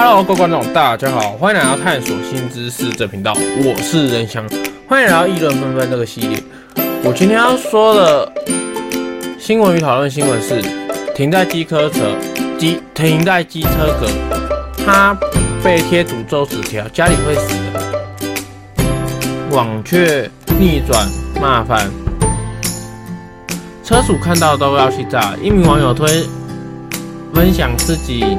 哈嘍各位觀眾，大家好，歡迎來到探索新知識這頻道，我是仁翔，歡迎來到議論紛紛這個系列。我今天要說的新聞與討論新聞是：停在機客車，機停在機車格，他被貼詛咒字條，家裡會死的。網卻逆轉，罵翻車主看到的都要氣炸。一名網友推分享自己。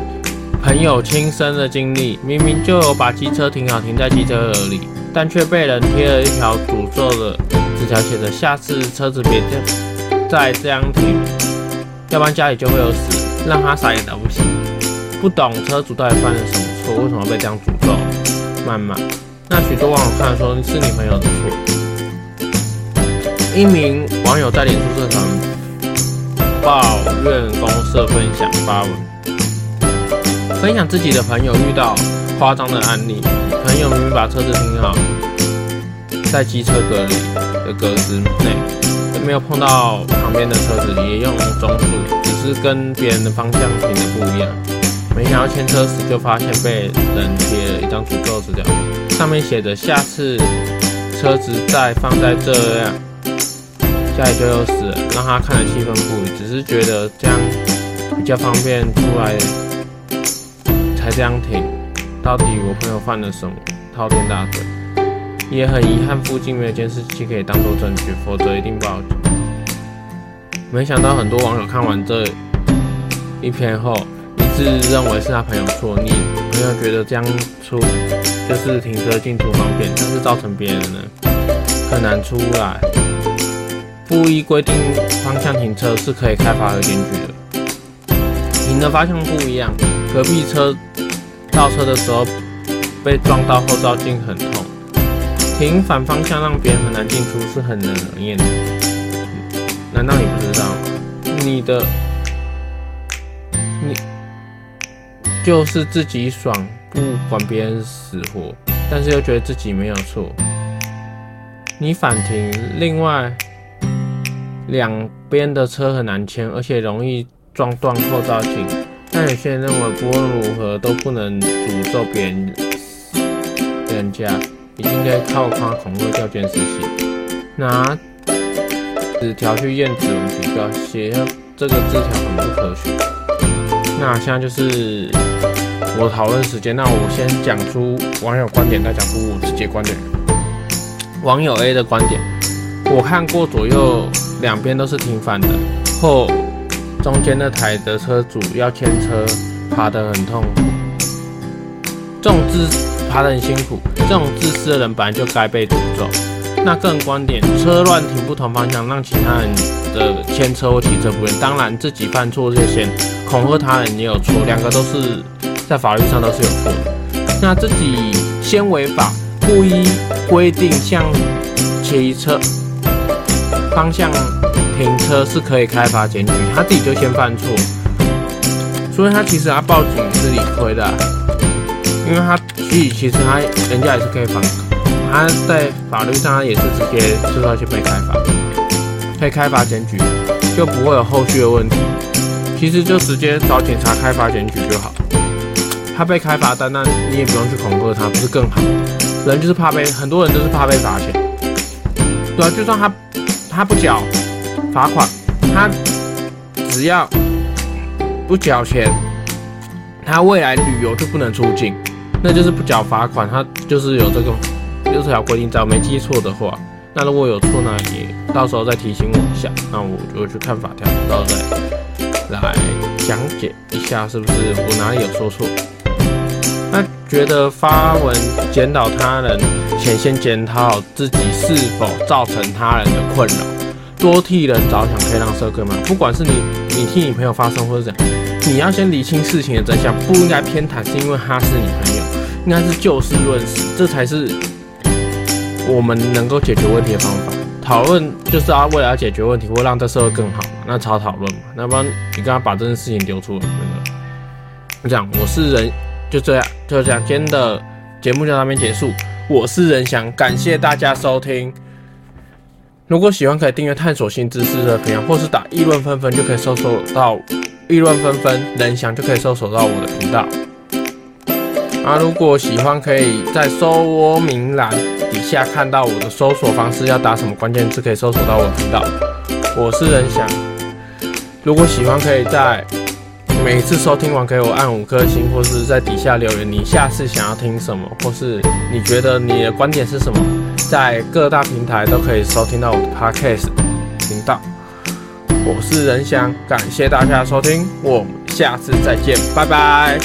朋友親身的經歷，明明就有把機車停好，停在機車格裡，但卻被人貼了一條詛咒的紙條，寫着下次車子別再這樣停，要不然家裡就會有死人，讓他傻眼到不行，不懂車主到底犯了什麼錯，為什麼會被這樣詛咒謾罵？那許多網友看了說，是女朋友的錯。一名網友在臉書社團抱怨公社分享發文，分享自己的朋友遇到誇張的案例，朋友明明把車子停好，在機車格裡的格子內，沒有碰到旁邊的車子，也用中速，只是跟別人的方向停的不一樣。沒想到牽車時就發現被人貼了一張詛咒字條，上面寫着下次車子再放在這樣，下一周就又死了，讓他看了氣憤不已，只是覺得這樣比較方便出來。才這樣停？到底我朋友犯了什麼滔天大罪？也很遺憾，附近沒有監視器可以當作證據，否則一定爆。沒想到很多網友看完這一篇後，一致認為是他朋友錯逆。朋友覺得這樣出就是停車進出方便，但是造成別人呢？很難出來。不依規定方向停車是可以開罰單檢舉的，停的方向不一樣，隔壁車。倒車的時候被撞到後照鏡很痛，停反方向讓別人很難進出是很冷眼的。難道你不知道？你的你就是自己爽，不管別人死活，但是又覺得自己沒有錯。你反停，另外兩邊的車很難牽，而且容易撞斷後照鏡。但有些人認為，不論如何都不能詛咒別人，人家應該靠誇、恐嚇、叫卷子寫，拿紙條去驗指紋，不要寫。這個字條很不科學。那現在就是我討論時間，那我先講出網友觀點，再講出我直接觀點。網友 A 的觀點，我看過左右兩邊都是挺反的，後。中間那台的車主要牽車，爬得很痛苦。這種自爬得很辛苦，這種自私的人本來就該被詛咒。那個人觀點，車亂停不同方向，讓其他人的牽車或騎車不便。當然，自己犯錯就先恐嚇他人也有錯，兩個都是在法律上都是有錯的。那自己先違法，故意規定向牽車方向。停車是可以開罰檢舉，他自己就先犯錯，所以他其實他報警是理虧的，啊，因為他自己其實他人家也是可以罰，他在法律上他也是直接就說去被開罰，被開罰檢舉，就不會有後續的問題，其實就直接找警察開罰檢舉就好，他被開罰單,單，單你也不用去恐嚇他，不是更好？人就是怕被，很多人都是怕被罰錢，對啊，就算他他不繳。罰款，他只要不繳錢，他未來旅遊就不能出境，那就是不繳罰款，他就是有這個就是條規定，只要沒記錯的話。那如果有錯呢，你到時候再提醒我一下，那我就去看法條，然後再來講解一下是不是我哪裡有說錯。那覺得發文檢討他人，且先檢討自己是否造成他人的困擾。多替人着想可以讓社會更嘛，不管是你你替你朋友發聲或者怎樣，你要先理清事情的真相，不應該偏袒，是因為他是你朋友，應該是就事論事，這才是我們能夠解決問題的方法。討論就是啊，為了要解決問題，為了讓這社會更好嘛，那超討論嘛，那不然你剛剛把這件事情丟出了，我覺得，這樣，我是人就這樣就這樣，今天的節目就到這邊結束，我是仁翔，感謝大家收聽。如果喜歡，可以訂閱探索新知識的頻道，或是打“議論紛紛”就可以搜索到“議論紛紛”。仁翔就可以搜索到我的頻道。啊，如果喜歡，可以在搜播名欄底下看到我的搜索方式，要打什麼關鍵字可以搜索到我的頻道。我是仁翔。如果喜歡，可以在每次收聽完給我按五顆星，或是在底下留言，你下次想要聽什麼，或是你覺得你的觀點是什麼。在各大平台都可以收聽到我的 podcast 頻道，我是仁翔，感謝大家收聽，我們下次再見，拜拜。